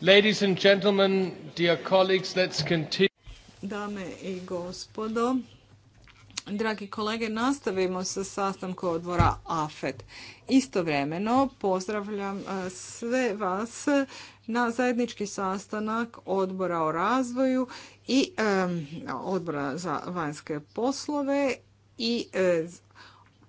ladies and gentlemen, dear colleagues, let's continue. Dame i gospodo, dragi kolege, nastavimo sa sastankom odbora AFET. Istovremeno pozdravljam e, sve vas na zajednički sastanak odbora o razvoju i e, odbora za vanjske poslove i e, pododbora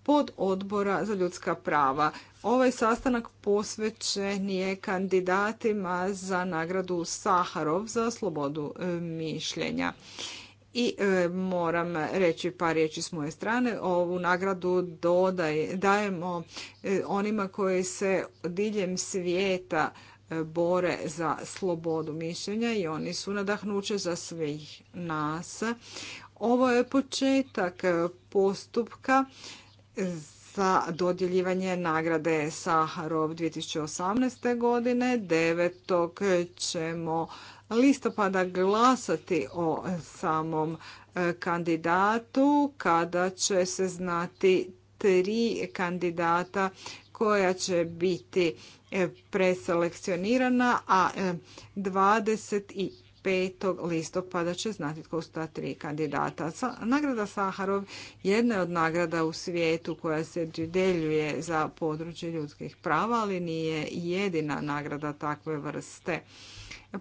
pod odbora za ljudska prava. Ovaj sastanak posvećen je kandidatima za nagradu Saharov za slobodu e, mišljenja. I e, moram reći par riječi s moje strane. Ovu nagradu dodaj, dajemo e, onima koji se diljem svijeta bore za slobodu mišljenja i oni su nadahnuće za svih nas. Ovo je početak postupka za dodjeljivanje nagrade Saharov 2018. godine. 9. ćemo listopada glasati o samom e, kandidatu kada će se znati tri kandidata koja će biti e, preselekcionirana, a e, i 5. listopada će znati tko su ta tri kandidata. Nagrada Saharov jedna je od nagrada u svijetu koja se dodjeljuje za područje ljudskih prava, ali nije jedina nagrada takve vrste.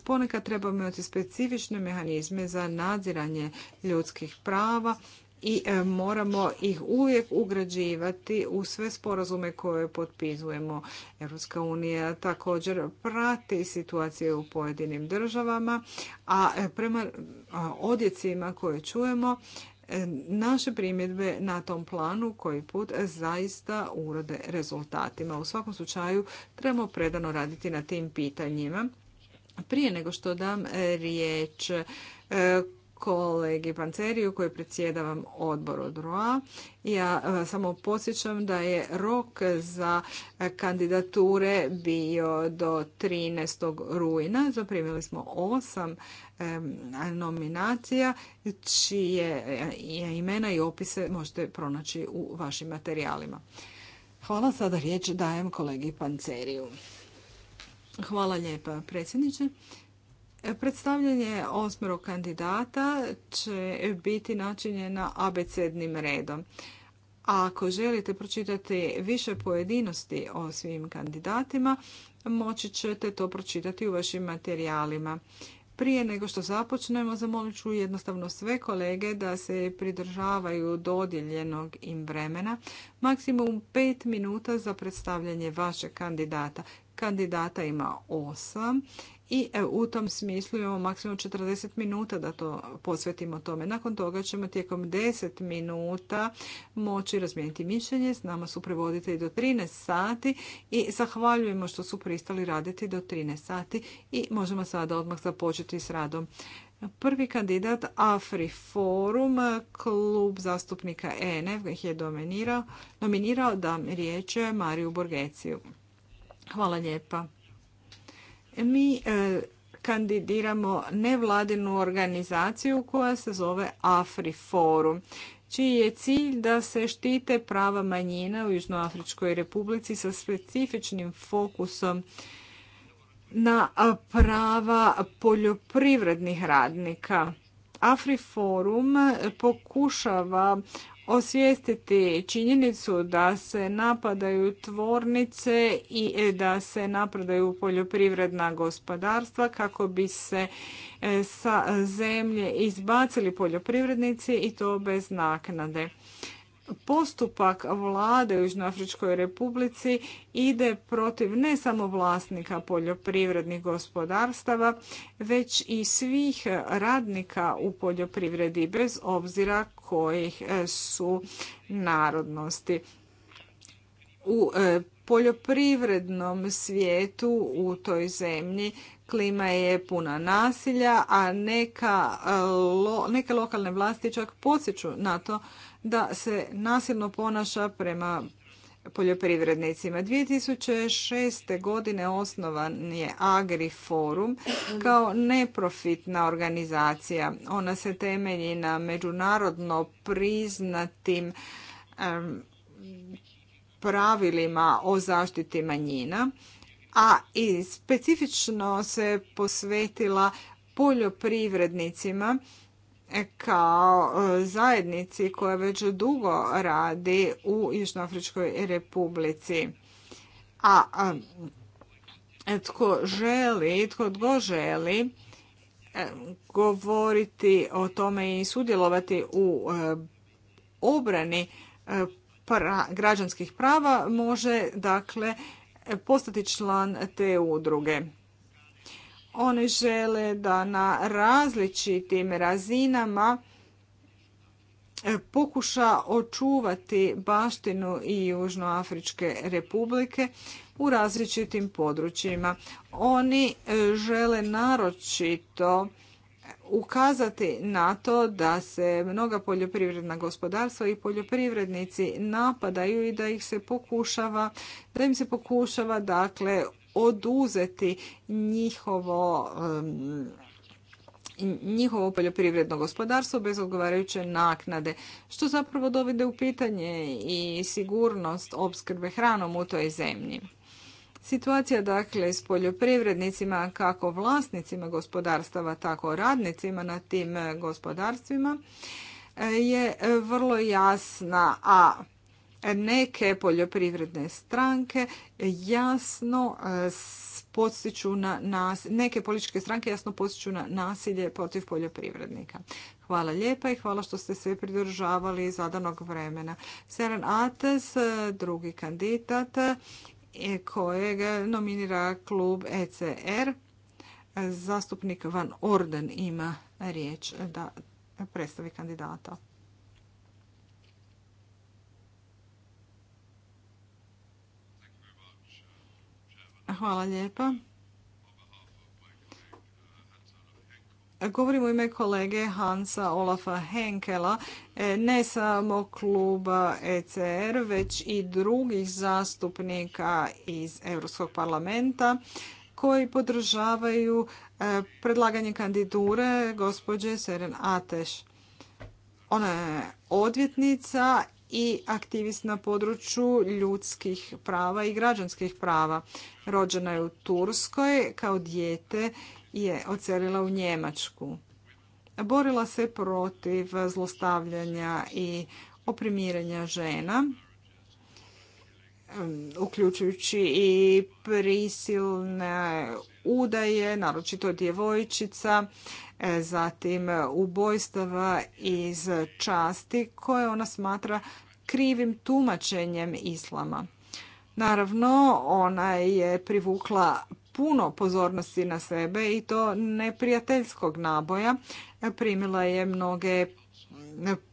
Ponekad trebamo imati specifične mehanizme za nadziranje ljudskih prava i e, moramo ih uvijek ugrađivati u sve sporazume koje potpisujemo. Europska unija također prati situacije u pojedinim državama, a e, prema odjecima koje čujemo, e, naše primjedbe na tom planu koji put zaista urode rezultatima. U svakom slučaju trebamo predano raditi na tim pitanjima. Prije nego što dam riječ kolegi Panceriju koji predsjedavam odbor od ROA. Ja e, samo podsjećam da je rok za kandidature bio do 13. rujna. Zaprimili smo osam nominacija čije e, imena i opise možete pronaći u vašim materijalima. Hvala, sada riječ dajem kolegi Panceriju. Hvala lijepa predsjedniče. Predstavljanje osmero kandidata će biti načinjena abecednim redom. ako želite pročitati više pojedinosti o svim kandidatima, moći ćete to pročitati u vašim materijalima. Prije nego što započnemo, zamolit ću jednostavno sve kolege da se pridržavaju dodijeljenog im vremena, maksimum 5 minuta za predstavljanje vašeg kandidata. Kandidata ima 8 i u tom smislu imamo maksimum 40 minuta da to posvetimo tome. Nakon toga ćemo tijekom 10 minuta moći razmijeniti mišljenje. S nama su prevoditelji do 13 sati i zahvaljujemo što su pristali raditi do 13 sati i možemo sada odmah započeti s radom. Prvi kandidat Afri Forum, klub zastupnika ENF, ih je dominirao, nominirao da riječ Mariju Borgeciju. Hvala lijepa mi e, kandidiramo nevladinu organizaciju koja se zove Afri Forum, čiji je cilj da se štite prava manjina u Južnoafričkoj republici sa specifičnim fokusom na prava poljoprivrednih radnika. AfriForum pokušava osvijestiti činjenicu da se napadaju tvornice i da se napadaju poljoprivredna gospodarstva kako bi se e, sa zemlje izbacili poljoprivrednici i to bez naknade postupak vlade u Južnoafričkoj republici ide protiv ne samo vlasnika poljoprivrednih gospodarstava, već i svih radnika u poljoprivredi, bez obzira kojih e, su narodnosti. U e, poljoprivrednom svijetu u toj zemlji klima je puna nasilja, a e, neke lokalne vlasti čak posjeću na to da se nasilno ponaša prema poljoprivrednicima. 2006. godine osnovan je AgriForum kao neprofitna organizacija. Ona se temelji na međunarodno priznatim pravilima o zaštiti manjina, a i specifično se posvetila poljoprivrednicima E, kao e, zajednici koja već dugo radi u Južnoafričkoj republici. A tko želi, tko god želi e, govoriti o tome i sudjelovati u obrani građanskih prava može dakle postati član te udruge. Oni žele da na različitim razinama e, pokuša očuvati baštinu i Južnoafričke republike u različitim područjima. Oni e, žele naročito ukazati na to da se mnoga poljoprivredna gospodarstva i poljoprivrednici napadaju i da ih se pokušava, da im se pokušava dakle oduzeti njihovo njihovo poljoprivredno gospodarstvo bez odgovarajuće naknade, što zapravo dovede u pitanje i sigurnost opskrbe hranom u toj zemlji. Situacija dakle s poljoprivrednicima, kako vlasnicima gospodarstava, tako radnicima na tim gospodarstvima je vrlo jasna, a neke poljoprivredne stranke jasno eh, podstiču na nas, neke političke stranke jasno podstiču na nasilje protiv poljoprivrednika. Hvala lijepa i hvala što ste se pridržavali zadanog vremena. Seren Ates, eh, drugi kandidat eh, kojeg nominira klub ECR. Zastupnik Van Orden ima riječ da predstavi kandidata. Hvala lijepa. Govorim u ime kolege Hansa Olafa Henkela, e, ne samo kluba ECR, već i drugih zastupnika iz Europskog parlamenta koji podržavaju e, predlaganje kandidature gospođe Seren Ateš. Ona je odvjetnica i aktivist na području ljudskih prava i građanskih prava. Rođena je u Turskoj, kao dijete je ocelila u Njemačku. Borila se protiv zlostavljanja i oprimiranja žena, uključujući i prisilne udaje, naročito djevojčica, E, zatim e, ubojstava iz časti koje ona smatra krivim tumačenjem islama. Naravno, ona je privukla puno pozornosti na sebe i to neprijateljskog naboja. E, primila je mnoge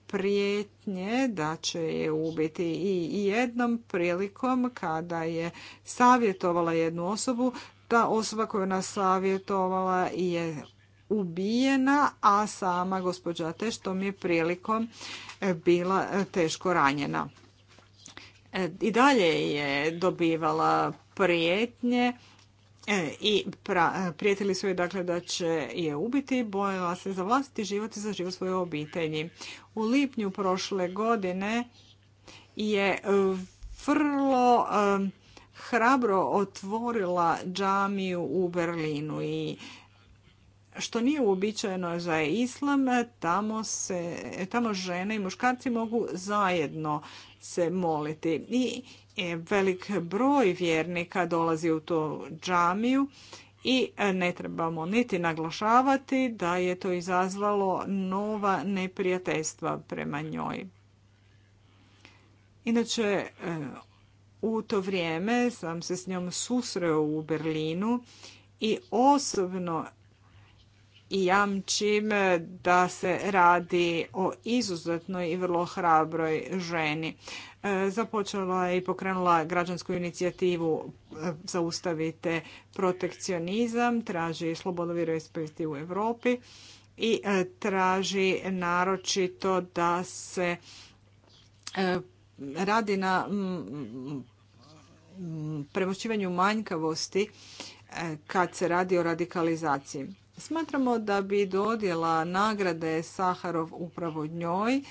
prijetnje da će je ubiti i jednom prilikom kada je savjetovala jednu osobu, ta osoba koju nas savjetovala je ubijena, a sama gospođa Teštom je prilikom e, bila e, teško ranjena. E, I dalje je dobivala prijetnje i prijetili su joj dakle da će je ubiti, bojala se za vlastiti život i za život svoje obitelji. U lipnju prošle godine je vrlo hrabro otvorila džamiju u Berlinu i što nije uobičajeno za islam, tamo, se, tamo žene i muškarci mogu zajedno se moliti. I e, velik broj vjernika dolazi u to džamiju i e, ne trebamo niti naglašavati da je to izazvalo nova neprijateljstva prema njoj. Inače, e, u to vrijeme sam se s njom susreo u Berlinu i osobno i jamčim e, da se radi o izuzetnoj i vrlo hrabroj ženi. E, započela je i pokrenula građansku inicijativu e, Zaustavite protekcionizam, traži slobodu vjeroispesti u Europi i traži naročito da se radi na premošćivanju manjkavosti kad se radi o radikalizaciji. Smatramo da bi dodjela nagrade Saharov upravo njoj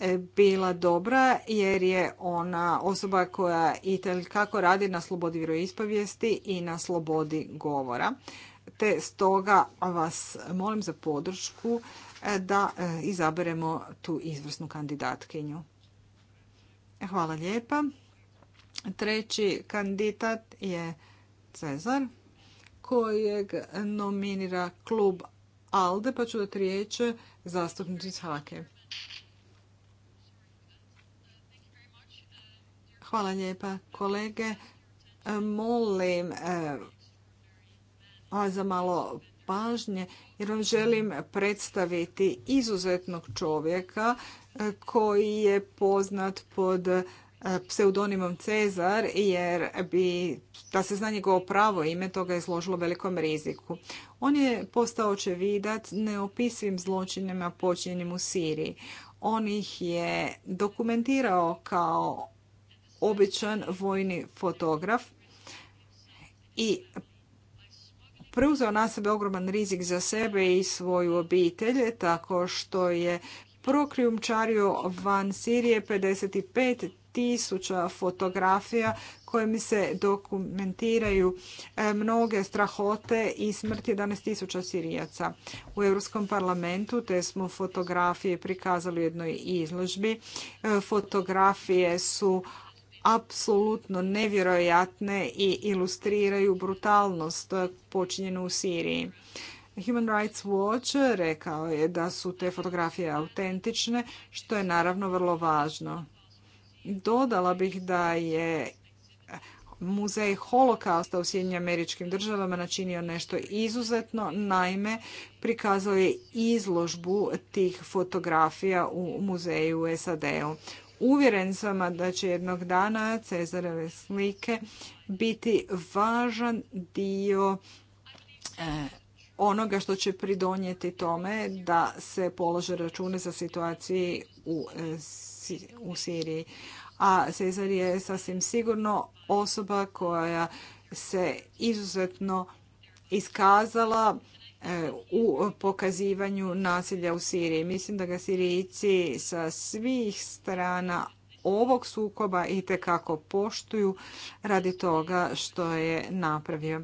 e, bila dobra jer je ona osoba koja i kako radi na slobodi vjeroispovijesti i na slobodi govora. Te stoga vas molim za podršku e, da e, izaberemo tu izvrsnu kandidatkinju. Hvala lijepa. Treći kandidat je Cezar kojeg nominira klub ALDE, pa ću dati riječ zastupnici Hake. Hvala lijepa kolege. Molim e, vas za malo pažnje jer vam želim predstaviti izuzetnog čovjeka e, koji je poznat pod E, pseudonimom Cezar jer bi da se zna njegovo pravo ime toga je izložilo velikom riziku. On je postao očevidac neopisivim zločinima počinjenim u Siriji. On ih je dokumentirao kao običan vojni fotograf i preuzeo na sebe ogroman rizik za sebe i svoju obitelj tako što je prokriumčario van Sirije 55 tisuća fotografija kojim se dokumentiraju e, mnoge strahote i smrti 11.000 Sirijaca. U Europskom parlamentu te smo fotografije prikazali u jednoj izložbi. E, fotografije su apsolutno nevjerojatne i ilustriraju brutalnost počinjenu u Siriji. Human Rights Watch rekao je da su te fotografije autentične, što je naravno vrlo važno. Dodala bih da je muzej holokausta u Sjedinjim američkim državama načinio nešto izuzetno. Naime, prikazao je izložbu tih fotografija u muzeju u SAD-u. Uvjeren sam da će jednog dana Cezareve slike biti važan dio e, onoga što će pridonijeti tome da se polože račune za situaciji u u Siriji. A Cezar je sasvim sigurno osoba koja se izuzetno iskazala e, u pokazivanju nasilja u Siriji. Mislim da ga sirijici sa svih strana ovog sukoba i tekako poštuju radi toga što je napravio.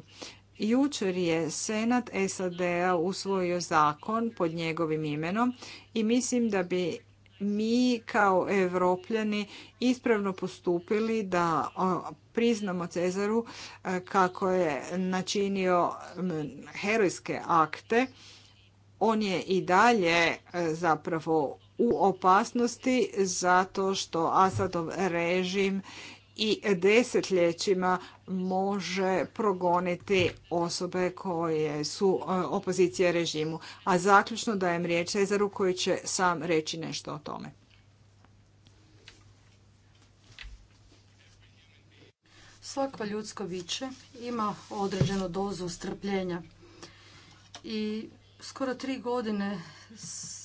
Jučer je Senat SAD-a usvojio zakon pod njegovim imenom i mislim da bi mi kao evropljani ispravno postupili da priznamo Cezaru e, kako je načinio herojske akte. On je i dalje e, zapravo u opasnosti zato što Asadov režim i desetljećima može progoniti osobe koje su e, opozicije režimu. A zaključno dajem riječ Cezaru koji će sam reći nešto o tome. Svako ljudsko viče ima određenu dozu strpljenja. I skoro tri godine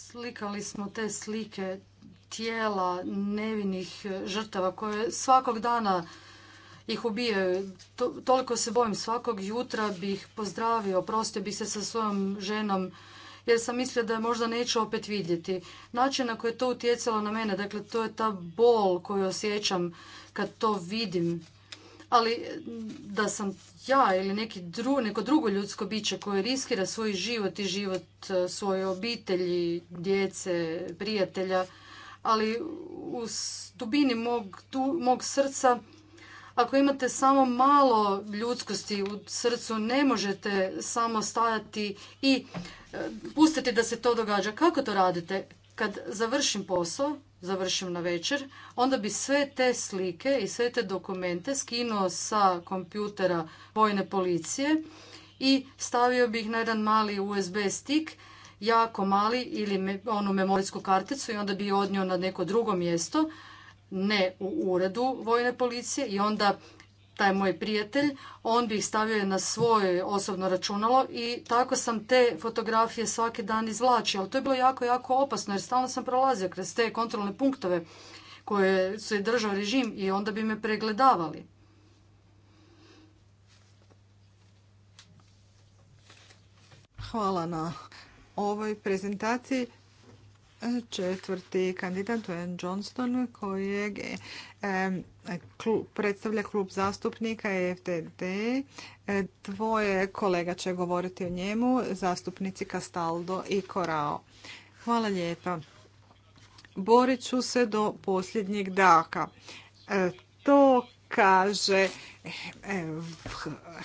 slikali smo te slike tijela nevinih žrtava koje svakog dana ih ubijaju. toliko se bojim svakog jutra bih pozdravio, prostio bih se sa svojom ženom jer sam mislio da je možda neću opet vidjeti. Način na koji je to utjecalo na mene, dakle to je ta bol koju osjećam kad to vidim. Ali da sam ja ili neki neko drugo ljudsko biće koje riskira svoj život i život e, svoje obitelji, djece, prijatelja, ali u dubini mog, tu, mog srca ako imate samo malo ljudskosti u srcu, ne možete samo stajati i e, pustiti da se to događa. Kako to radite? Kad završim posao, završim na večer, onda bi sve te slike i sve te dokumente skinuo sa kompjutera vojne policije i stavio bih na jedan mali USB stik jako mali ili onu memorijsku karticu i onda bi odnio na neko drugo mjesto, ne u uredu vojne policije i onda taj moj prijatelj, on bi ih stavio na svoje osobno računalo i tako sam te fotografije svaki dan izvlačio. Ali to je bilo jako, jako opasno jer stalno sam prolazio kroz te kontrolne punktove koje su je držao režim i onda bi me pregledavali. Hvala na ovoj prezentaciji četvrti kandidat je Johnston kojeg predstavlja klub zastupnika EFTD. Dvoje kolega će govoriti o njemu, zastupnici Castaldo i Korao. Hvala lijepa. Borit ću se do posljednjeg daka. E, to kaže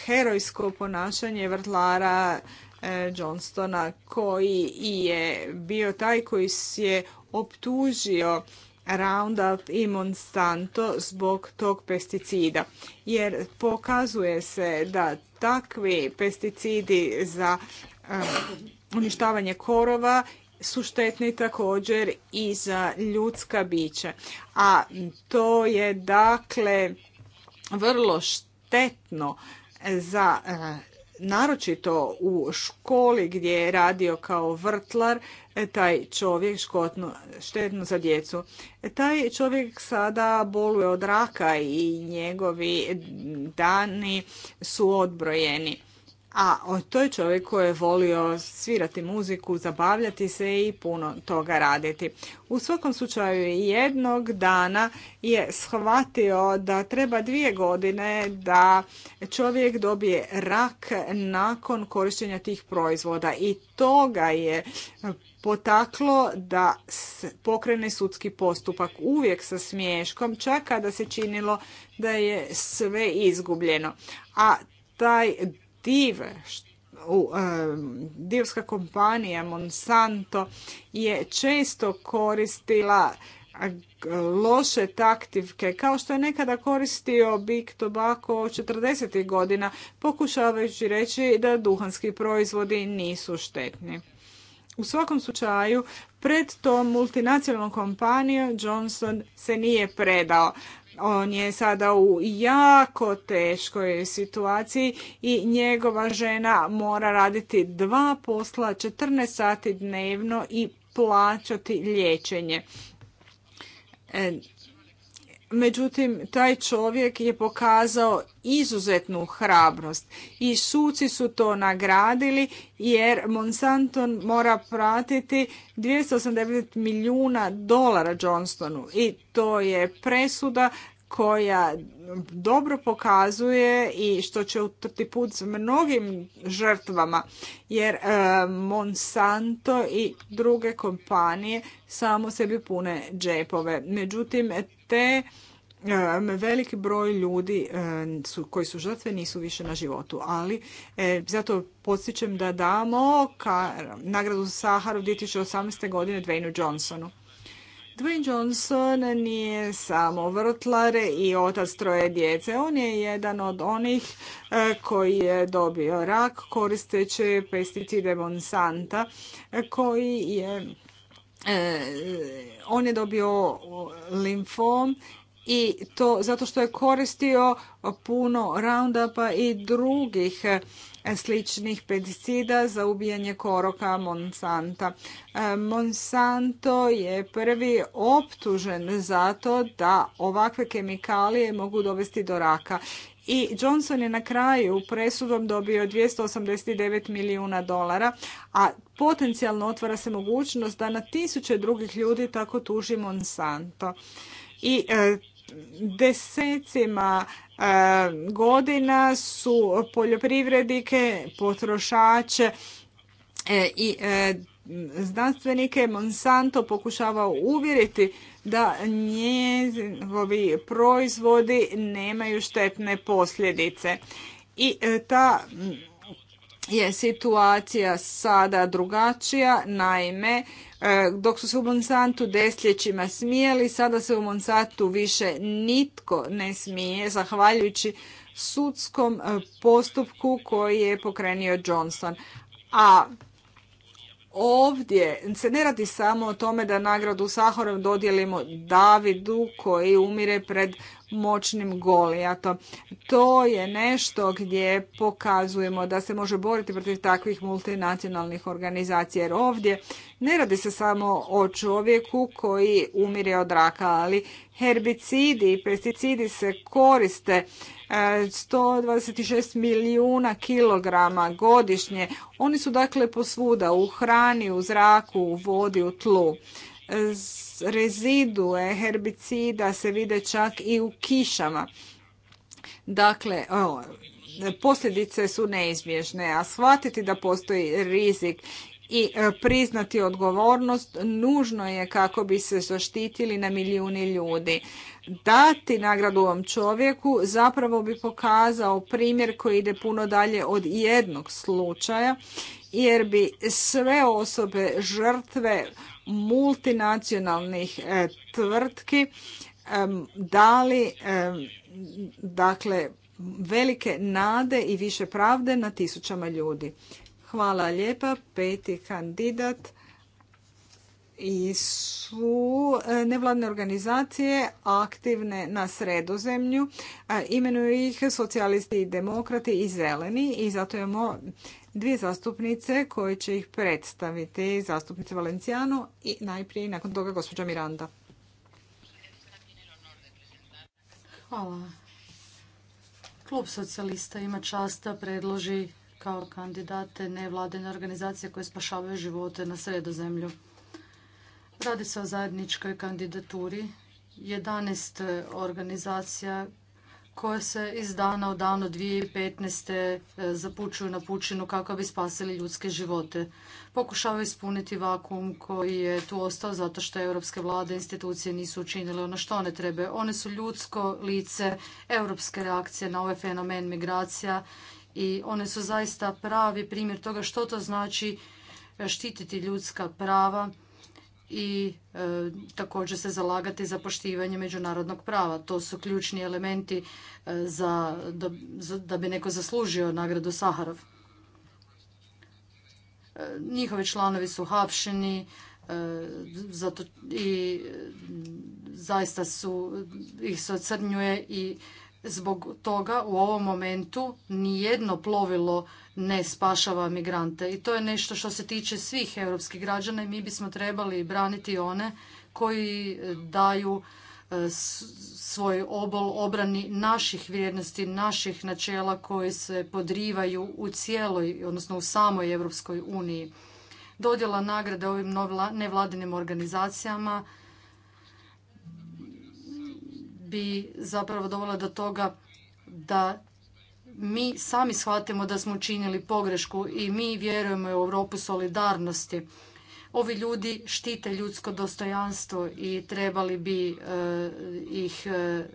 herojsko ponašanje vrtlara E, Johnstona koji je bio taj koji se je optužio Roundup i Monsanto zbog tog pesticida. Jer pokazuje se da takvi pesticidi za e, uništavanje korova su štetni također i za ljudska bića. A to je dakle vrlo štetno za e, naročito u školi gdje je radio kao vrtlar e, taj čovjek škotno, štetno za djecu. E, taj čovjek sada boluje od raka i njegovi dani su odbrojeni. A to je čovjek koji je volio svirati muziku, zabavljati se i puno toga raditi. U svakom slučaju jednog dana je shvatio da treba dvije godine da čovjek dobije rak nakon korištenja tih proizvoda i to ga je potaklo da pokrene sudski postupak uvijek sa smješkom, čak kada se činilo da je sve izgubljeno. A taj direktive divska kompanija Monsanto je često koristila loše taktivke, kao što je nekada koristio Big Tobacco 40. godina, pokušavajući reći da duhanski proizvodi nisu štetni. U svakom slučaju, pred tom multinacionalnom kompanijom Johnson se nije predao. On je sada u jako teškoj situaciji i njegova žena mora raditi dva posla, 14 sati dnevno i plaćati liječenje. E, Međutim, taj čovjek je pokazao izuzetnu hrabrost i suci su to nagradili jer Monsanto mora pratiti 280 milijuna dolara Johnstonu i to je presuda koja dobro pokazuje i što će utrti put s mnogim žrtvama jer e, Monsanto i druge kompanije samo sebi pune džepove. Međutim, te veliki broj ljudi e, koji su žrtve nisu više na životu, ali e, zato podsjećam da damo nagradu Saharu 2018. godine Dwaynu Johnsonu. Dwayne Johnson nije samo vrtlar i otac troje djece. On je jedan od onih e, koji je dobio rak koristeći pesticide Monsanta e, koji je e, on je dobio limfom i to zato što je koristio puno roundupa i drugih sličnih pesticida za ubijanje koroka Monsanta. E, Monsanto je prvi optužen zato da ovakve kemikalije mogu dovesti do raka. I Johnson je na kraju presudom dobio 289 milijuna dolara, a potencijalno otvara se mogućnost da na tisuće drugih ljudi tako tuži Monsanto. I e, desecima e, godina su poljoprivrednike, potrošače e, i e, znanstvenike Monsanto pokušavao uvjeriti da njegovi proizvodi nemaju štetne posljedice. I ta je situacija sada drugačija, naime, e, dok su se u Monsantu desljećima smijeli, sada se u Monsantu više nitko ne smije, zahvaljujući sudskom e, postupku koji je pokrenio Johnson. A ovdje se ne radi samo o tome da nagradu Sahorom dodijelimo Davidu koji umire pred moćnim golijatom. To je nešto gdje pokazujemo da se može boriti protiv takvih multinacionalnih organizacija jer ovdje ne radi se samo o čovjeku koji umire od raka, ali herbicidi i pesticidi se koriste 126 e, milijuna kilograma godišnje. Oni su dakle posvuda u hrani, u zraku, u vodi, u tlu rezidue herbicida se vide čak i u kišama. Dakle, posljedice su neizbježne, a shvatiti da postoji rizik i e, priznati odgovornost nužno je kako bi se zaštitili na milijuni ljudi dati nagradu ovom čovjeku zapravo bi pokazao primjer koji ide puno dalje od jednog slučaja jer bi sve osobe žrtve multinacionalnih e, tvrtki dali dakle velike nade i više pravde na tisućama ljudi. Hvala lijepa. Peti kandidat i su e, nevladne organizacije aktivne na sredozemlju. E, imenuju ih socijalisti i demokrati i zeleni i zato imamo dvije zastupnice koje će ih predstaviti. Zastupnice Valencijano i najprije nakon toga gospođa Miranda. Hvala. Klub socijalista ima časta predloži kao kandidate nevladene organizacije koje spašavaju živote na sredozemlju. Radi se o zajedničkoj kandidaturi 11 organizacija koje se iz dana u dan 2015. E, zapučuju na pučinu kako bi spasili ljudske živote. Pokušavaju ispuniti vakum koji je tu ostao zato što europske vlade i institucije nisu učinile ono što one trebaju. One su ljudsko lice europske reakcije na ovaj fenomen migracija i one su zaista pravi primjer toga što to znači e, štititi ljudska prava i e, također se zalagati za poštivanje međunarodnog prava. To su ključni elementi e, za, da, bi neko zaslužio nagradu Saharov. E, njihovi članovi su hapšeni i zaista ih se ocrnjuje i Zbog toga u ovom momentu nijedno plovilo ne spašava migrante i to je nešto što se tiče svih europskih građana i mi bismo trebali braniti one koji e, daju e, svoj obol obrani naših vrijednosti, naših načela koji se podrivaju u cijeloj, odnosno u samoj Europskoj uniji. Dodjela nagrade ovim nevladinim organizacijama bi zapravo dovela do toga da mi sami shvatimo da smo učinili pogrešku i mi vjerujemo u Europu solidarnosti. Ovi ljudi štite ljudsko dostojanstvo i trebali bi eh, ih eh,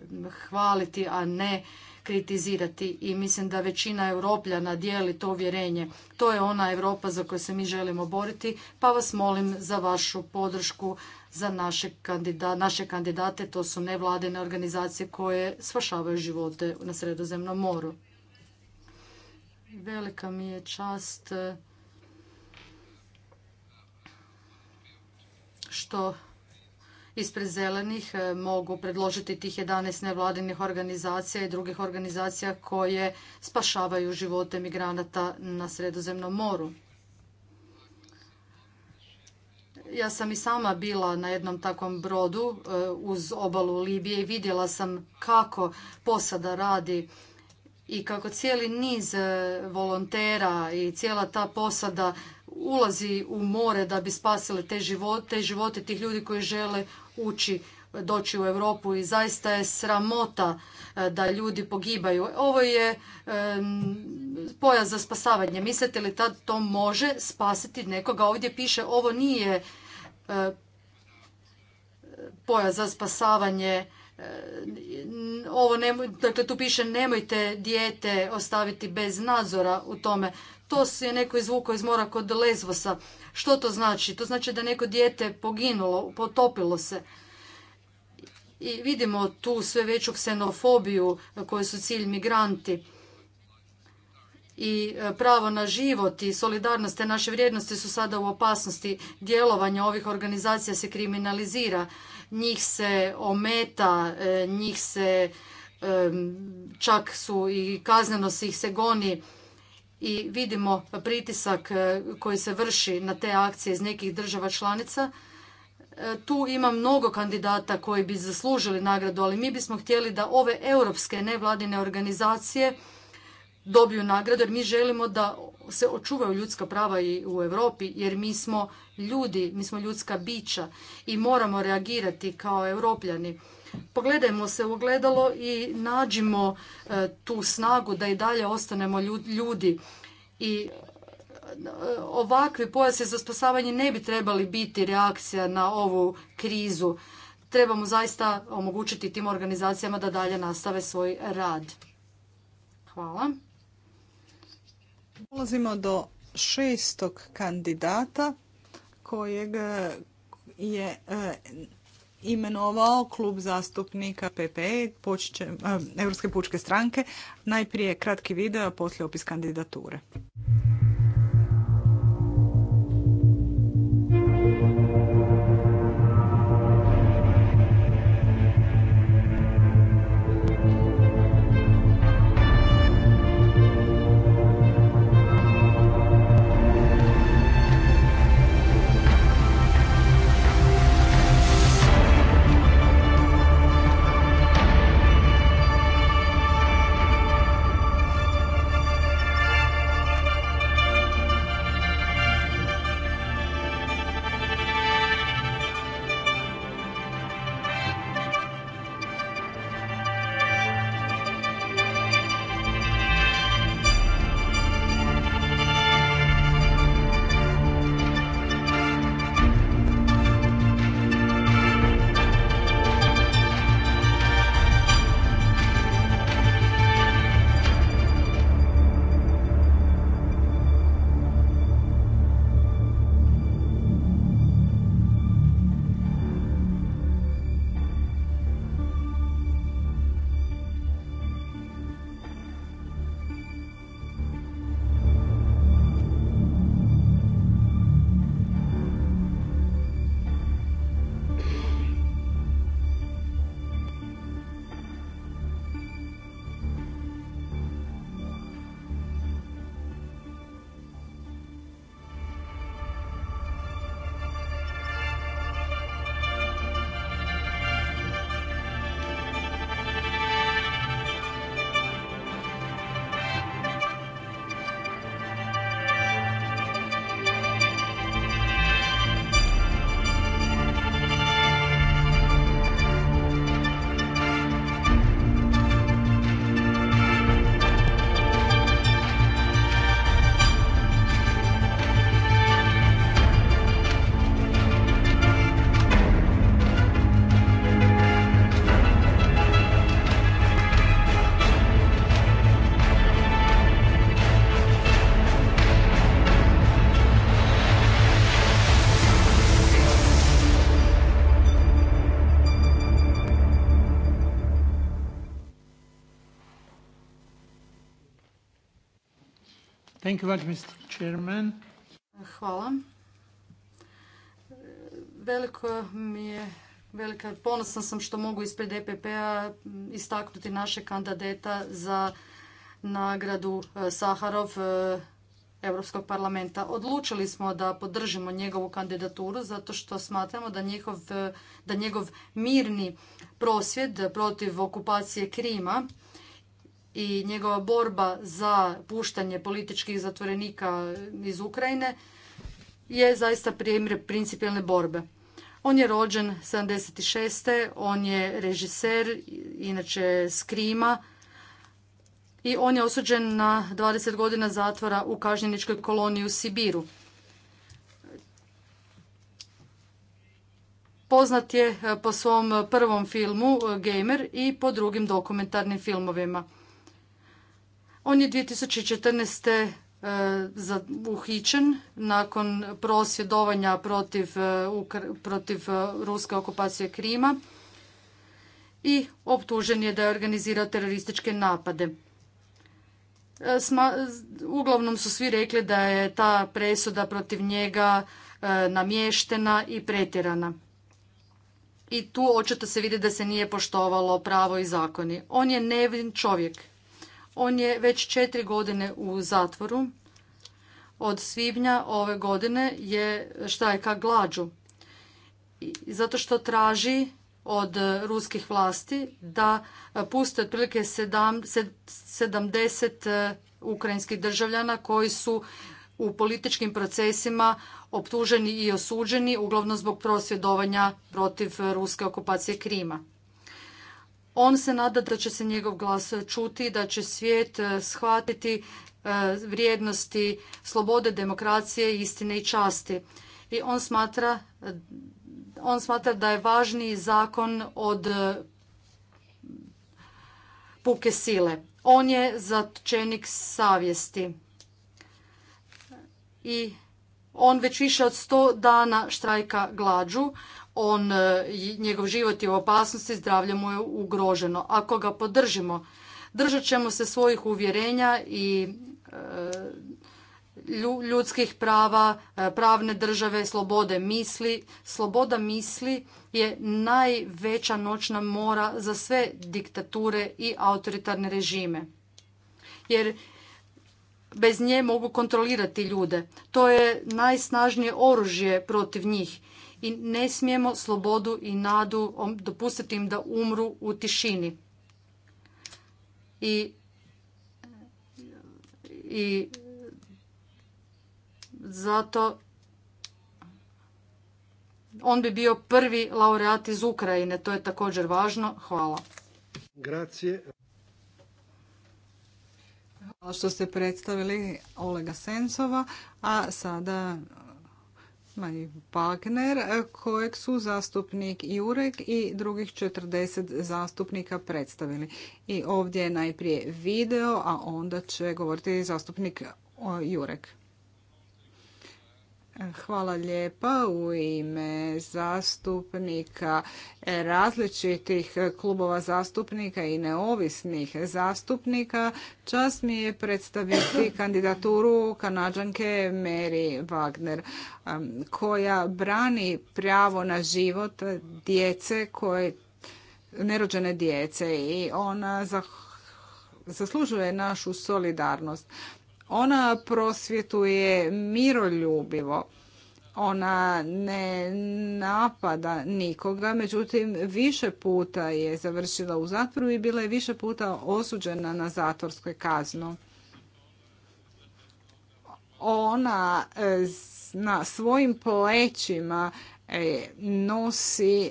hvaliti, a ne kritizirati i mislim da većina europljana dijeli to uvjerenje. To je ona Europa za koju se mi želimo boriti, pa vas molim za vašu podršku za naše, naše kandidate, to su nevladine organizacije koje svašavaju živote na Sredozemnom moru. Velika mi je čast eh, što ispred zelenih e, mogu predložiti tih 11 nevladinih organizacija i drugih organizacija koje spašavaju živote migranata na Sredozemnom moru. Ja sam i sama bila na jednom takvom brodu e, uz obalu Libije i vidjela sam kako posada radi i kako cijeli niz e, volontera i cijela ta posada ulazi u more da bi spasile te živote, živote tih ljudi koji žele ući doći u Europu i zaista je sramota e, da ljudi pogibaju. Ovo je pojaz za spasavanje. Mislite li tad to može spasiti nekoga? Ovdje piše ovo nije e, pojaz za spasavanje. E, ovo dakle, tu piše nemojte dijete ostaviti bez nadzora u tome to se je neko izvukao iz mora kod Lezvosa. Što to znači? To znači da neko dijete poginulo, potopilo se. I vidimo tu sve veću ksenofobiju koju su cilj migranti i e, pravo na život i solidarnost te naše vrijednosti su sada u opasnosti. Djelovanje ovih organizacija se kriminalizira, njih se ometa, e, njih se čak su i kazneno se ih se goni i vidimo pritisak e, koji se vrši na te akcije iz nekih država članica. E, tu ima mnogo kandidata koji bi zaslužili nagradu, ali mi bismo htjeli da ove europske nevladine organizacije dobiju nagradu jer mi želimo da se očuvaju ljudska prava i u Europi jer mi smo ljudi, mi smo ljudska bića i moramo reagirati kao europljani. Pogledajmo se u ogledalo i nađimo e, tu snagu da i dalje ostanemo ljudi. I e, ovakvi pojase za spasavanje ne bi trebali biti reakcija na ovu krizu. Trebamo zaista omogućiti tim organizacijama da dalje nastave svoj rad. Hvala. Dolazimo do šestog kandidata kojeg e, je imenovao klub zastupnika PP, e, eh, Europske pučke stranke. Najprije kratki video, a poslije opis kandidature. Hvala. Veliko mi je velika ponosna sam što mogu ispred EPP-a istaknuti naše kandidata za nagradu e, Saharov Europskog parlamenta. Odlučili smo da podržimo njegovu kandidaturu zato što smatramo da e, da njegov mirni prosvjed protiv okupacije Krima i njegova borba za puštanje političkih zatvorenika iz Ukrajine je zaista primjer principijelne borbe. On je rođen 76. on je režiser, inače skrima i on je osuđen na 20 godina zatvora u kažnjeničkoj koloniji u Sibiru. Poznat je eh, po svom eh, prvom filmu eh, Gamer i po drugim dokumentarnim filmovima. On je 2014 e, uhićen nakon prosvjedovanja protiv, e, e, ruske okupacije Krima i optužen je da je organizirao terorističke napade. uglavnom su svi rekli da je ta presuda protiv njega namještena i pretjerana. I tu očito se vidi da se nije poštovalo pravo i zakoni. On je nevin čovjek on je već četiri godine u zatvoru. Od svibnja ove godine je štrajka glađu. Zato što traži od ruskih vlasti da puste otprilike 70 e, ukrajinskih državljana koji su u političkim procesima optuženi i osuđeni, uglavnom zbog prosvjedovanja protiv ruske okupacije Krima. On se nada da će se njegov glas čuti, da će svijet eh, shvatiti eh, vrijednosti slobode, demokracije, istine i časti. I on smatra, eh, on smatra da je važniji zakon od puke sile. On je zatčenik savjesti. I on već više od sto dana štrajka glađu on, e, njegov život je u opasnosti, zdravlje mu je ugroženo. Ako ga podržimo, držat ćemo se svojih uvjerenja i e, ljudskih prava, e, pravne države, slobode misli. Sloboda misli je najveća noćna mora za sve diktature i autoritarne režime. Jer bez nje mogu kontrolirati ljude. To je najsnažnije oružje protiv njih i ne smijemo slobodu i nadu dopustiti im da umru u tišini. I, i zato on bi bio prvi laureat iz Ukrajine, to je također važno. Hvala. Grazie. Hvala što ste predstavili Olega Sensova, a sada Wagner, kojeg su zastupnik Jurek i drugih 40 zastupnika predstavili. I ovdje je najprije video, a onda će govoriti zastupnik Jurek. Hvala lijepa u ime zastupnika različitih klubova zastupnika i neovisnih zastupnika. Čas mi je predstaviti kandidaturu Kanadžanke Mary Wagner um, koja brani pravo na život djece koje nerođene djece i ona zaslužuje našu solidarnost. Ona prosvjetuje miroljubivo. Ona ne napada nikoga, međutim više puta je završila u zatvoru i bila je više puta osuđena na zatvorskoj kaznu. Ona e, na svojim plećima e, nosi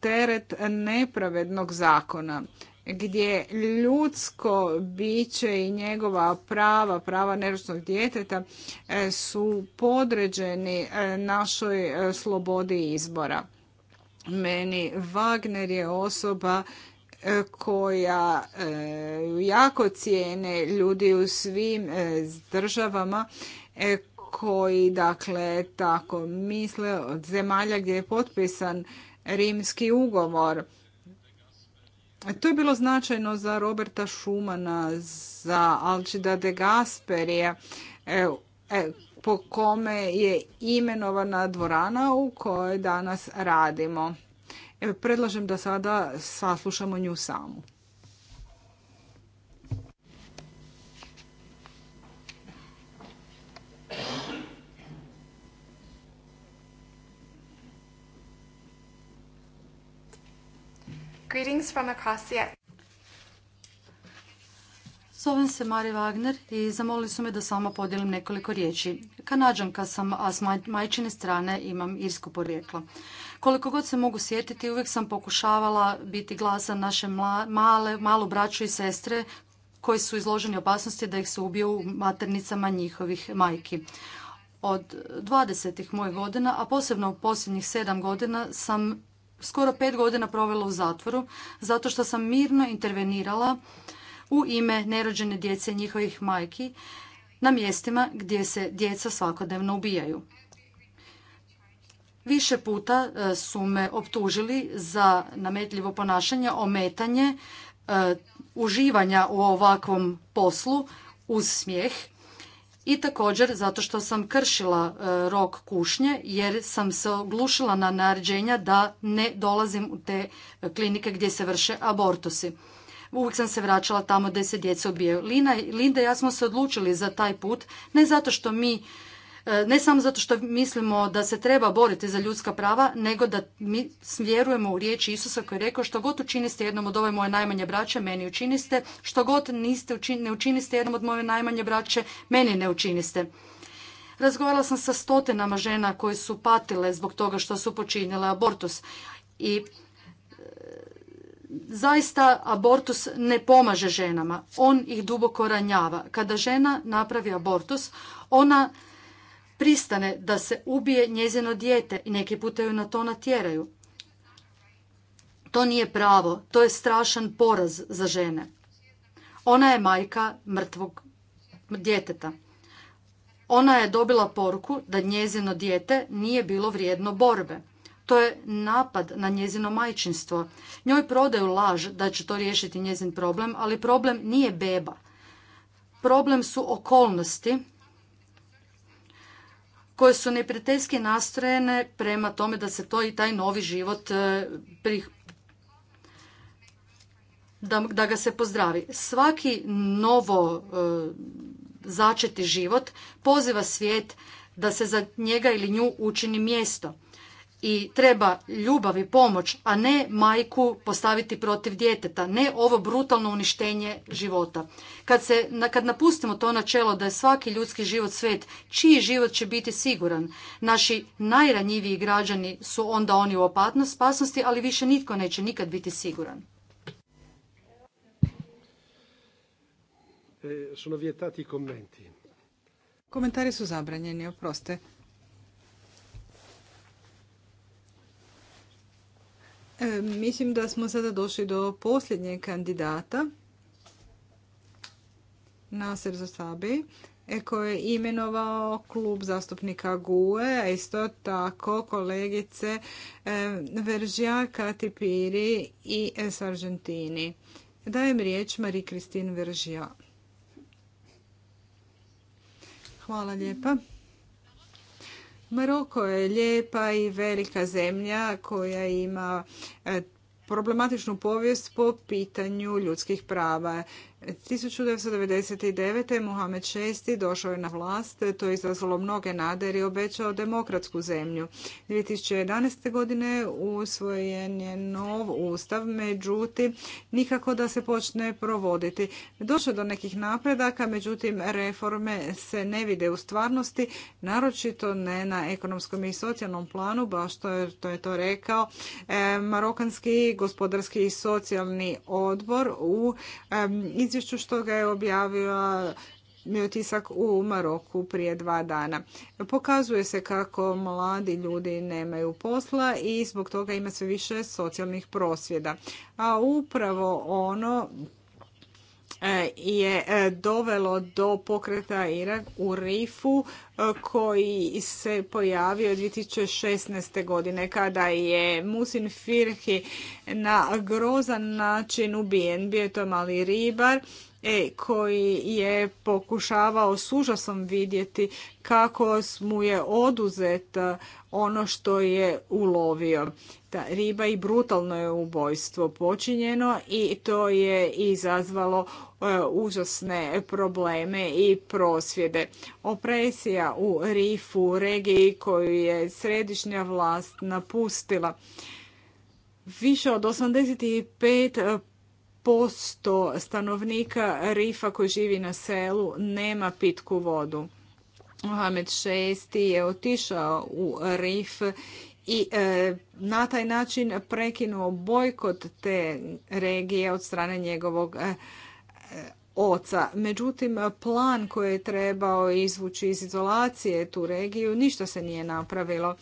teret nepravednog zakona gdje ljudsko biće i njegova prava, prava neročnog djeteta e, su podređeni e, našoj e, slobodi izbora. Meni Wagner je osoba koja jako cijene ljudi u svim državama koji dakle tako misle od zemalja gdje je potpisan rimski ugovor to je bilo značajno za Roberta Šumana, za Alčida de Gasperija, e, e, po kome je imenovana dvorana u kojoj danas radimo. E, predlažem da sada saslušamo nju samu. Greetings from across the... Zovem se Mari Wagner i zamolili su me da samo podijelim nekoliko riječi. Kanadžanka sam, a s majčine strane imam irsko porijeklo. Koliko god se mogu sjetiti, uvijek sam pokušavala biti glasa naše male, malu braću i sestre koji su izloženi opasnosti da ih se ubiju u maternicama njihovih majki. Od 20. mojih godina, a posebno u posljednjih 7 godina, sam skoro pet godina provela u zatvoru zato što sam mirno intervenirala u ime nerođene djece i njihovih majki na mjestima gdje se djeca svakodnevno ubijaju. Više puta e, su me optužili za nametljivo ponašanje, ometanje, e, uživanja u ovakvom poslu uz smijeh i također zato što sam kršila e, rok kušnje jer sam se oglušila na naređenja da ne dolazim u te e, klinike gdje se vrše abortusi. Uvijek sam se vraćala tamo gdje se djeca ubijaju. Lina, Linda i ja smo se odlučili za taj put ne zato što mi E, ne samo zato što mislimo da se treba boriti za ljudska prava, nego da mi vjerujemo u riječi Isusa koji je rekao što god učiniste jednom od ove moje najmanje braće, meni učiniste, što god niste ne učiniste jednom od moje najmanje braće, meni ne učiniste. Razgovarala sam sa stotinama žena koje su patile zbog toga što su počinile abortus i e, zaista abortus ne pomaže ženama. On ih duboko ranjava. Kada žena napravi abortus, ona pristane da se ubije njezino dijete i neki puta ju na to natjeraju. To nije pravo, to je strašan poraz za žene. Ona je majka mrtvog djeteta. Ona je dobila poruku da njezino dijete nije bilo vrijedno borbe. To je napad na njezino majčinstvo. Njoj prodaju laž da će to riješiti njezin problem, ali problem nije beba. Problem su okolnosti koje su neprijateljski nastrojene prema tome da se to i taj novi život e, da, ga se pozdravi. Svaki novo e, začeti život poziva svijet da se za njega ili nju učini mjesto i treba ljubav i pomoć, a ne majku postaviti protiv djeteta, ne ovo brutalno uništenje života. Kad, se, kad napustimo to načelo da je svaki ljudski život svet, čiji život će biti siguran? Naši najranjiviji građani su onda oni u spasnosti, ali više nitko neće nikad biti siguran. E, Komentari su zabranjeni, oproste. E, mislim da smo sada došli do posljednjeg kandidata. Nasir sabi e, koje je imenovao klub zastupnika GUE, a isto tako kolegice e, Veržija, Piri i S. Argentini. Dajem riječ Marie Kristin Veržija. Hvala lijepa. Maroko je lijepa i velika zemlja koja ima e, problematičnu povijest po pitanju ljudskih prava. 1999. Mohamed VI. došao je na vlast, to je izazvalo mnoge nade jer je obećao demokratsku zemlju. 2011. godine usvojen je nov ustav, međutim nikako da se počne provoditi. Došlo do nekih napredaka, međutim reforme se ne vide u stvarnosti, naročito ne na ekonomskom i socijalnom planu, baš je to, je to rekao eh, Marokanski gospodarski i socijalni odbor u e, izvješću što ga je objavila tisak u Maroku prije dva dana. Pokazuje se kako mladi ljudi nemaju posla i zbog toga ima sve više socijalnih prosvjeda. A upravo ono E, je e, dovelo do pokreta Irak u Rifu e, koji se pojavio 2016. godine kada je Musin Firhi na grozan način ubijen. Bio je to mali ribar E, koji je pokušavao s užasom vidjeti kako mu je oduzet e, ono što je ulovio. Ta riba i brutalno je ubojstvo počinjeno i to je izazvalo e, užasne probleme i prosvjede. Opresija u Rifu, regiji koju je središnja vlast napustila. Više od 85 posto stanovnika Rifa koji živi na selu nema pitku vodu. Mohamed VI je otišao u Rif i e, na taj način prekinuo bojkot te regije od strane njegovog e, oca. Međutim, plan koji je trebao izvući iz izolacije tu regiju, ništa se nije napravilo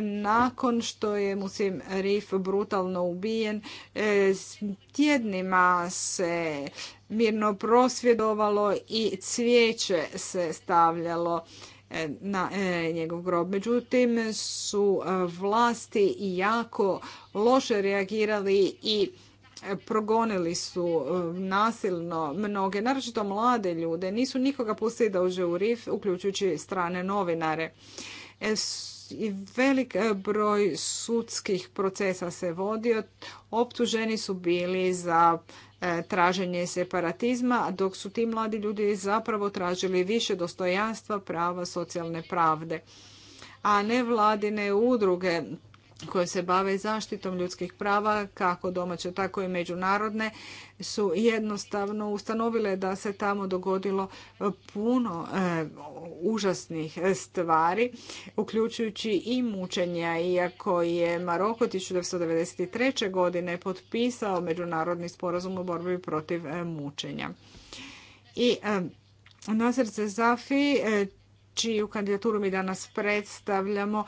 nakon što je Musim Rif brutalno ubijen. E, tjednima se mirno prosvjedovalo i cvijeće se stavljalo e, na e, njegov grob. Međutim, su vlasti jako loše reagirali i progonili su nasilno mnoge, naročito mlade ljude. Nisu nikoga pustili da uđe u RIF, uključujući strane novinare i velik e, broj sudskih procesa se vodio. Optuženi su bili za e, traženje separatizma, dok su ti mladi ljudi zapravo tražili više dostojanstva, prava, socijalne pravde. A ne vladine udruge koje se bave zaštitom ljudskih prava, kako domaće, tako i međunarodne, su jednostavno ustanovile da se tamo dogodilo e, puno e, užasnih e, stvari, uključujući i mučenja. Iako je Maroko 1993. godine potpisao međunarodni sporazum o borbi protiv mučenja. I e, Nasr Zafi čiju kandidaturu mi danas predstavljamo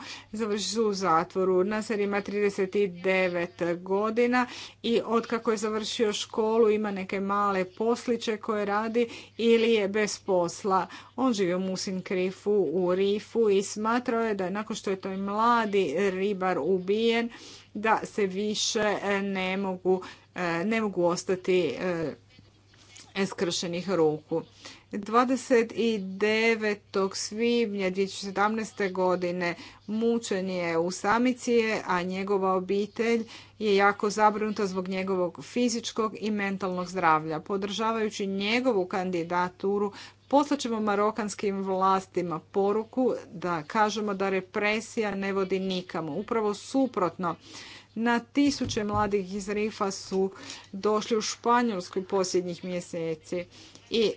su u zatvoru. Nasar ima 39 godina i otkako je završio školu ima neke male posliće koje radi ili je bez posla. On živi u Musin Krifu u Rifu i smatrao je da nakon što je taj mladi ribar ubijen da se više e, ne mogu, e, ne mogu ostati e, skršenih ruku. 29. svibnja 2017. godine mučen je u samicije, a njegova obitelj je jako zabrinuta zbog njegovog fizičkog i mentalnog zdravlja. Podržavajući njegovu kandidaturu, poslaćemo marokanskim vlastima poruku da kažemo da represija ne vodi nikamo. Upravo suprotno, na tisuće mladih iz Rifa su došli u Španjolsku posljednjih mjeseci i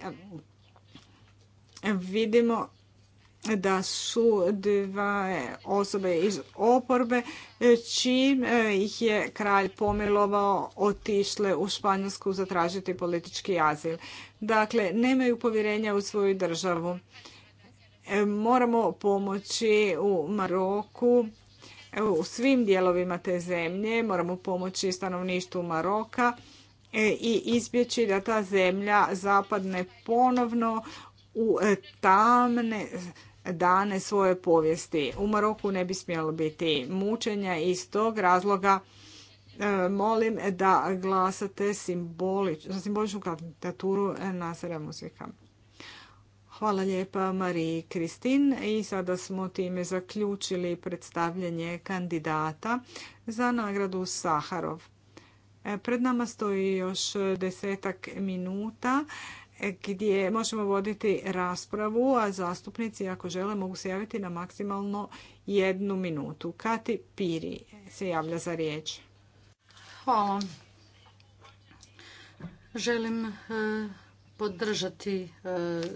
vidimo da su dva osobe iz oporbe čim e, ih je kralj pomilovao otišle u Španjolsku zatražiti politički azil. Dakle, nemaju povjerenja u svoju državu. E, moramo pomoći u Maroku, e, u svim dijelovima te zemlje, moramo pomoći stanovništvu Maroka i izbjeći da ta zemlja zapadne ponovno u e, tamne dane svoje povijesti. U Maroku ne bi smjelo biti mučenja i iz tog razloga e, molim da glasate za simboličnu kandidaturu Nasera muzika. Hvala lijepa Mariji Kristin i sada smo time zaključili predstavljanje kandidata za nagradu Saharov. E, pred nama stoji još desetak minuta gdje možemo voditi raspravu, a zastupnici ako žele mogu se javiti na maksimalno jednu minutu. Kati Piri se javlja za riječ. Hvala. Želim eh, podržati eh,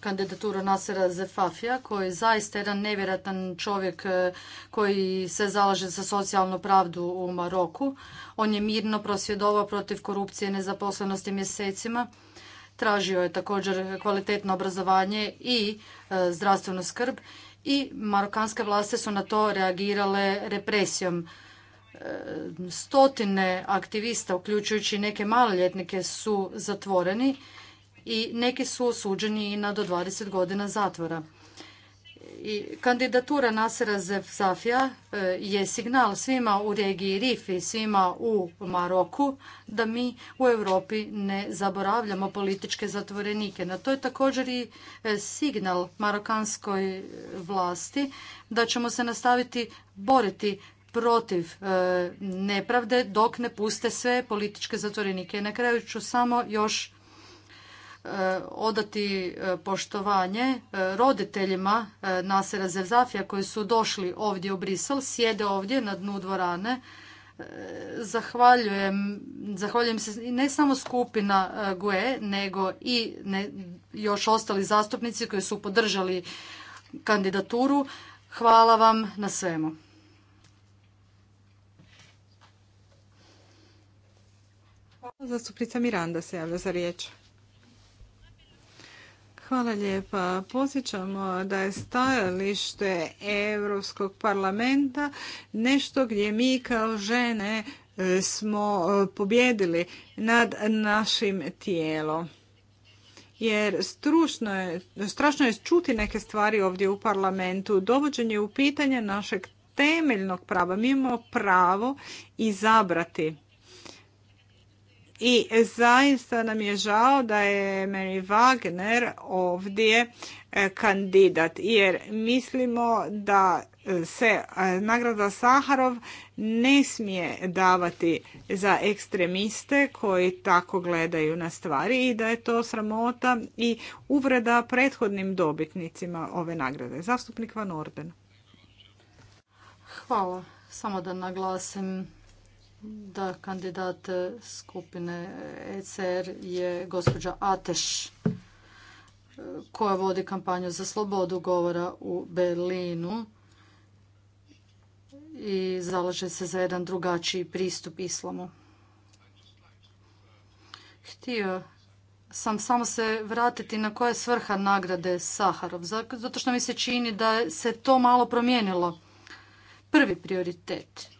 kandidaturu Nasera Zefafija, koji je zaista jedan nevjerojatan čovjek e, koji se zalaže za socijalnu pravdu u Maroku. On je mirno prosvjedovao protiv korupcije i nezaposlenosti mjesecima. Tražio je također kvalitetno obrazovanje i e, zdravstvenu skrb i marokanske vlasti su na to reagirale represijom. E, stotine aktivista, uključujući neke maloljetnike, su zatvoreni i neki su osuđeni i na do 20 godina zatvora. I kandidatura Nasera Zafija e, je signal svima u regiji Rif i svima u Maroku da mi u Europi ne zaboravljamo političke zatvorenike. Na to je također i e, signal marokanskoj vlasti da ćemo se nastaviti boriti protiv e, nepravde dok ne puste sve političke zatvorenike. na kraju ću samo još E, odati e, poštovanje e, roditeljima Nasera Zevzafija koji su došli ovdje u Brisel, sjede ovdje na dnu dvorane. Zahvaljujem, zahvaljujem se ne samo skupina GUE, nego i ne, još ostali zastupnici koji su podržali kandidaturu. Hvala vam na svemu. Zastupnica Miranda se javlja za riječ. Hvala lijepa. Posjećamo da je stajalište Europskog parlamenta nešto gdje mi kao žene e, smo e, pobjedili nad našim tijelom. Jer stručno je, strašno je čuti neke stvari ovdje u parlamentu. Dovođenje u pitanje našeg temeljnog prava. Mi imamo pravo izabrati i zaista nam je žao da je Mary Wagner ovdje e, kandidat, jer mislimo da se e, nagrada Saharov ne smije davati za ekstremiste koji tako gledaju na stvari i da je to sramota i uvreda prethodnim dobitnicima ove nagrade. Zastupnik Van Orden. Hvala. Samo da naglasim da, kandidat skupine ECR je gospođa Ateš koja vodi kampanju za slobodu govora u Berlinu i zalaže se za jedan drugačiji pristup islamu. Htio sam samo se vratiti na koja je svrha nagrade Saharov, zato što mi se čini da se to malo promijenilo. Prvi prioritet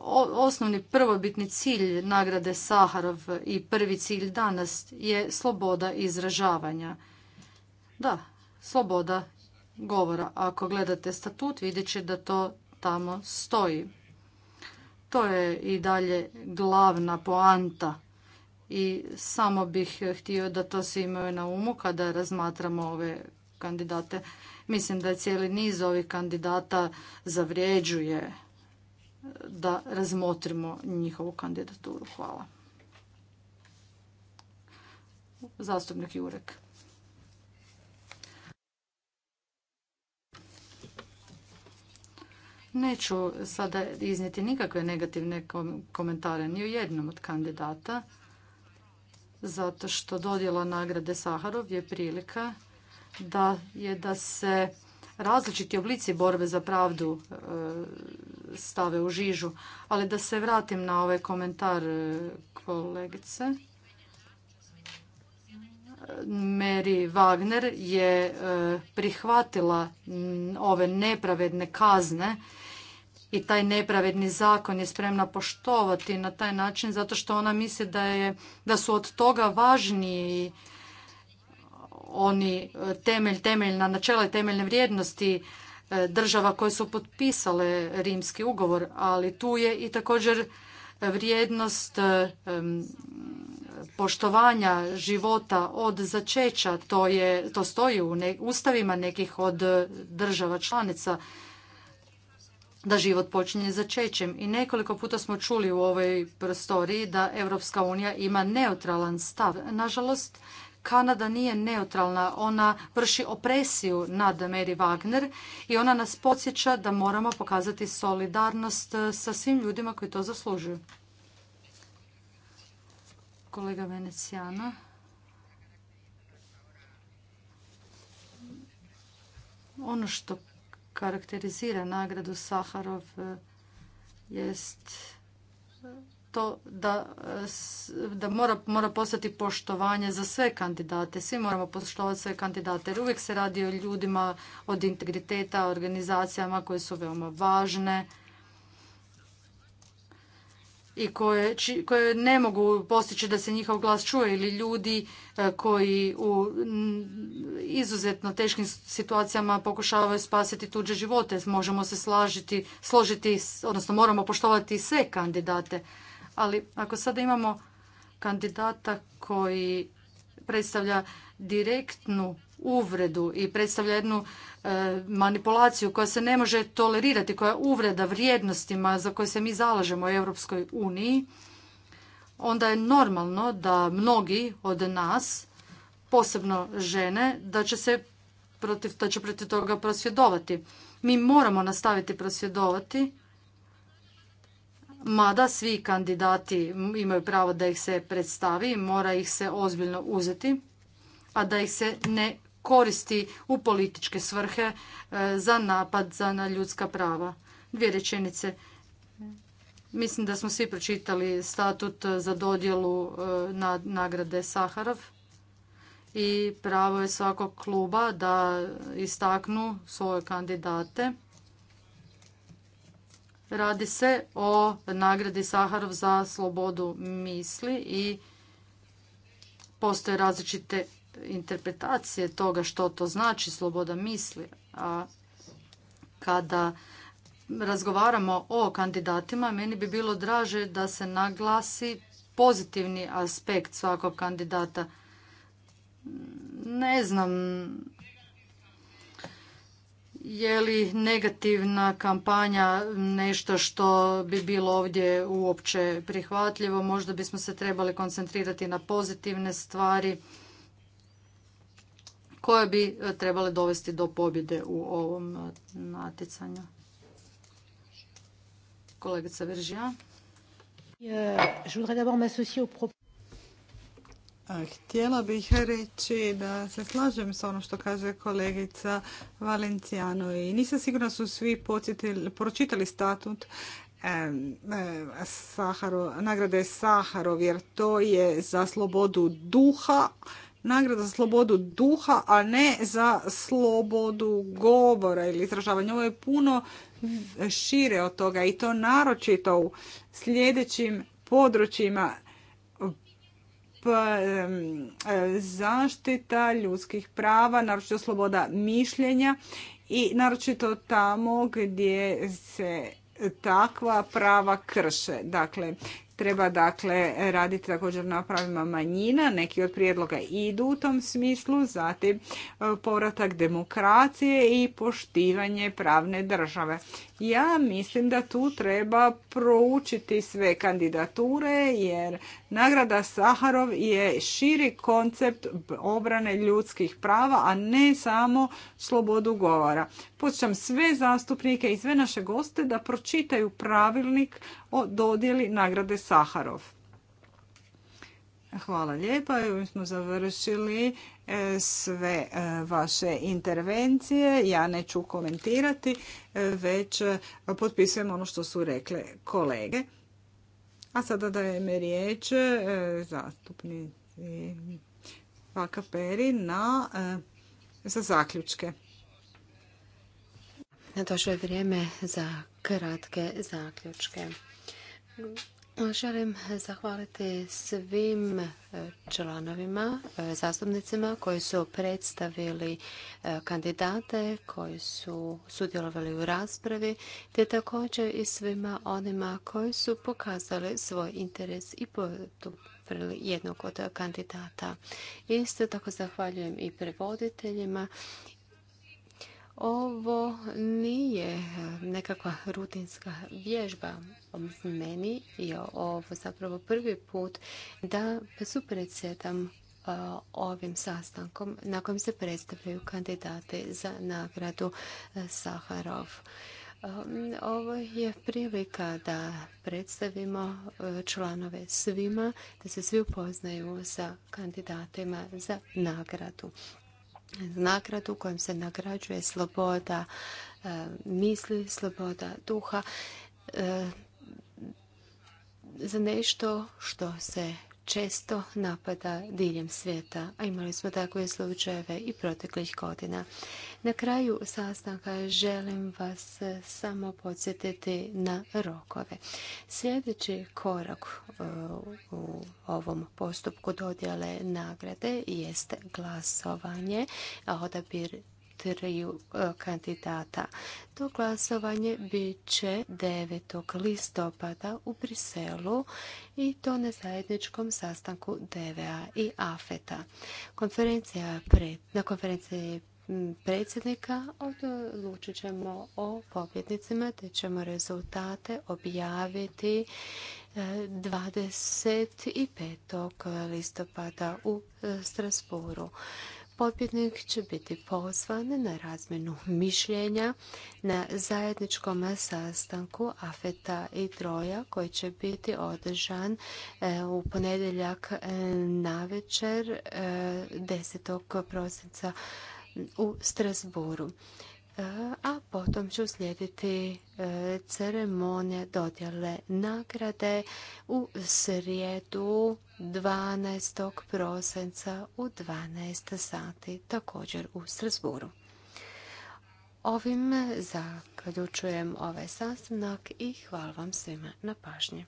osnovni prvobitni cilj nagrade Saharov i prvi cilj danas je sloboda izražavanja. Da, sloboda govora. Ako gledate statut vidjet će da to tamo stoji. To je i dalje glavna poanta i samo bih htio da to svi imaju na umu kada razmatramo ove kandidate. Mislim da je cijeli niz ovih kandidata zavrijeđuje da razmotrimo njihovu kandidaturu. Hvala. Zastupnik Jurek. Neću sada iznijeti nikakve negativne komentare ni u jednom od kandidata, zato što dodjela nagrade Saharov je prilika da je da se različiti oblici borbe za pravdu e, stave u žižu. Ali da se vratim na ovaj komentar e, kolegice. Mary Wagner je e, prihvatila ove nepravedne kazne i taj nepravedni zakon je spremna poštovati na taj način zato što ona misli da, je, da su od toga važniji oni e, temelj, temeljna načela i temeljne vrijednosti E, država koje su potpisale rimski ugovor, ali tu je i također vrijednost e, poštovanja života od začeća. To, je, to stoji u ustavima nekih od država članica da život počinje začećem. I nekoliko puta smo čuli u ovoj prostoriji da Europska unija ima neutralan stav. Nažalost, Kanada nije neutralna, ona vrši opresiju nad Mary Wagner i ona nas podsjeća da moramo pokazati solidarnost sa svim ljudima koji to zaslužuju. Kolega Venecijana. Ono što karakterizira nagradu Saharov eh, jest to da, da mora, mora postati poštovanje za sve kandidate. Svi moramo poštovati sve kandidate jer uvijek se radi o ljudima od integriteta, organizacijama koje su veoma važne i koje, koje ne mogu postići da se njihov glas čuje ili ljudi e, koji u izuzetno teškim situacijama pokušavaju spasiti tuđe živote. Možemo se slažiti, složiti, odnosno moramo poštovati sve kandidate ali ako sada imamo kandidata koji predstavlja direktnu uvredu i predstavlja jednu e, manipulaciju koja se ne može tolerirati, koja uvreda vrijednostima za koje se mi zalažemo u Europskoj uniji, onda je normalno da mnogi od nas, posebno žene, da će se protiv, da će protiv toga prosvjedovati. Mi moramo nastaviti prosvjedovati mada svi kandidati imaju pravo da ih se predstavi, mora ih se ozbiljno uzeti, a da ih se ne koristi u političke svrhe e, za napad za na ljudska prava. Dvije rečenice. Mislim da smo svi pročitali statut za dodjelu e, nagrade Saharov i pravo je svakog kluba da istaknu svoje kandidate Radi se o nagradi Saharov za slobodu misli i postoje različite interpretacije toga što to znači sloboda misli. A kada razgovaramo o kandidatima, meni bi bilo draže da se naglasi pozitivni aspekt svakog kandidata. Ne znam je li negativna kampanja nešto što bi bilo ovdje uopće prihvatljivo? Možda bismo se trebali koncentrirati na pozitivne stvari koje bi trebale dovesti do pobjede u ovom natjecanju. Kolegica Veržija. Htjela bih reći da se slažem s ono što kaže kolegica Valencijano i nisam sigurna su svi pročitali statut Saharo, nagrade Saharov jer to je za slobodu duha, nagrada za slobodu duha, a ne za slobodu govora ili izražavanja. Ovo je puno šire od toga i to naročito u sljedećim područjima zaštita ljudskih prava, naročito sloboda mišljenja i naročito tamo gdje se takva prava krše. Dakle, treba dakle raditi također na pravima manjina, neki od prijedloga idu u tom smislu, zatim povratak demokracije i poštivanje pravne države. Ja mislim da tu treba proučiti sve kandidature jer nagrada Saharov je širi koncept obrane ljudskih prava, a ne samo slobodu govora. Počnem sve zastupnike i sve naše goste da pročitaju pravilnik o dodjeli nagrade Saharov. Hvala lijepa. smo završili sve e, vaše intervencije. Ja neću komentirati, e, već e, potpisujem ono što su rekle kolege. A sada dajem riječ zastupnici Vaka Peri na, za zaključke. Došlo je vrijeme za kratke zaključke. Želim zahvaliti svim e, članovima, e, zastupnicima koji su predstavili e, kandidate, koji su sudjelovali u raspravi, te također i svima onima koji su pokazali svoj interes i potupili jednog od kandidata. Isto tako zahvaljujem i prevoditeljima ovo nije nekakva rutinska vježba. Meni je ovo zapravo prvi put da predsjedam ovim sastankom na kojem se predstavljaju kandidate za nagradu Saharov. Ovo je prilika da predstavimo članove svima, da se svi upoznaju sa kandidatima za nagradu nagradu kojem se nagrađuje sloboda e, misli, sloboda duha e, za nešto što se često napada diljem svijeta, a imali smo takve slučajeve i proteklih godina. Na kraju sastanka želim vas samo podsjetiti na rokove. Sljedeći korak e, u ovom postupku dodjele nagrade jest glasovanje, a odabir triju e, kandidata. To glasovanje bit će 9. listopada u Briselu i to na zajedničkom sastanku DVA i AFETA. E Konferencija na konferenciji predsjednika odlučit ćemo o pobjednicima te ćemo rezultate objaviti 25. E, listopada u Strasburu pobjednik će biti pozvan na razmjenu mišljenja na zajedničkom sastanku Afeta i Troja koji će biti održan e, u ponedjeljak e, večer 10. E, prosinca u Strasburu. E, a potom ću slijediti e, ceremonije dodjele nagrade u srijedu 12. prosinca u 12. sati također u Strasburu. Ovim zaključujem ovaj sastanak i hvala vam svima na pažnje.